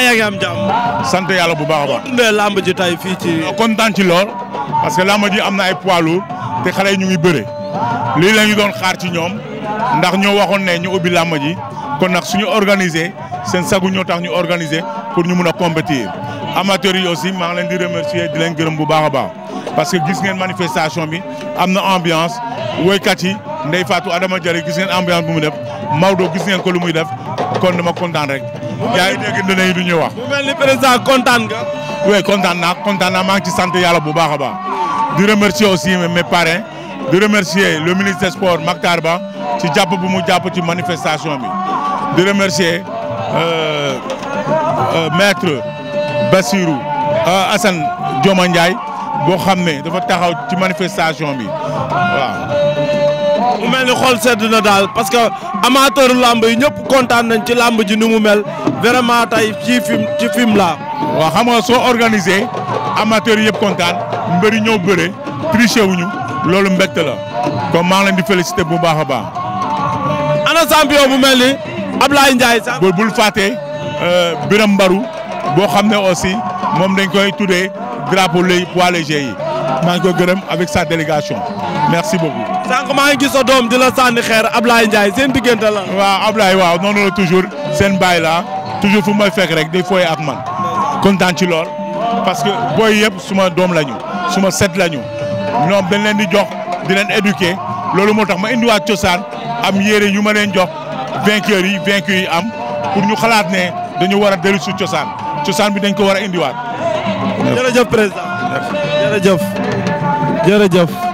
mbaa yaa ngi am jàmm. sant yàlla bu baax a baax. ji tey fii ci. kontaan ci lool parce que làmb ji am na ay poids te xale yi ñu ngi bëre lii ñu doon xaar ci ñoom ndax ñoo waxoon ne ñu ubbi làmb ji kon nag suñu organiser seen sagu ñoo tax ñu organiser pour ñu mun a compétir amateurs yi aussi maa ngi leen di remercier di leen gërëm bu baax baax parce que gis ngeen manifestation bi am na ambiance woykat yi Ndeye Fatou Adama Diarry gis ngeen ambiance bu mu def Maodo gis ngeen ko lu muy def. kon ma kontaan rek. yaa ngi dégg ndënd yi du ñuy wax. bu mel kontaan nga. oui kontaan naa kontaan naa maa ngi ci sant yàlla bu baax a baax. di remercier aussi mes parrains. di remercier le ministre des sports Makhtar Ba ci jàpp bu mu jàpp ci manifestation bi. di remercier euh, euh, maître Bassirou euh, Assane Dioma boo xam ne dafa taxaw ci manifestation bi mu mel ni xol sedd na daal parce que amateur làmb yi ñëpp kontaan nañ ci làmb ji ni mu mel vraiment ay ci film ci fim la waa xam nga soo organisé amateur yëpp kontaan mbëri ñëw bëre triché wuñu loolu mbégte la kon maa ngi leen di félicité bu baax a baax. ana champion bu mel ni Ablaye Ndiaye sax. bul bul fàtte euh, Biram Mbaru boo xam ne aussi moom dañ koy tuddee drapeau les poids yi. maa ngi ko gërëm avec sa délégation merci beaucoup. sànq maa ngi gis sa doom di la sànni xeer Ablaye Ndiaye seen diggante la. waaw Ablaye waaw noonu la toujours seen baay la toujours fu may fekk rek day fooy ak man kontaan ci lool parce que booy yëpp suma doom lañu suma set lañu noom dañ leen di jox di leen éduquer loolu moo tax ma indiwaat cosaan am yére yu ma leen jox vainqueurs yi vaincu yi am pour ñu xalaat ne dañu war a dellu si cosaan cosaan bi dañ ko war a indiwaat. jërëjëf jërëjëf.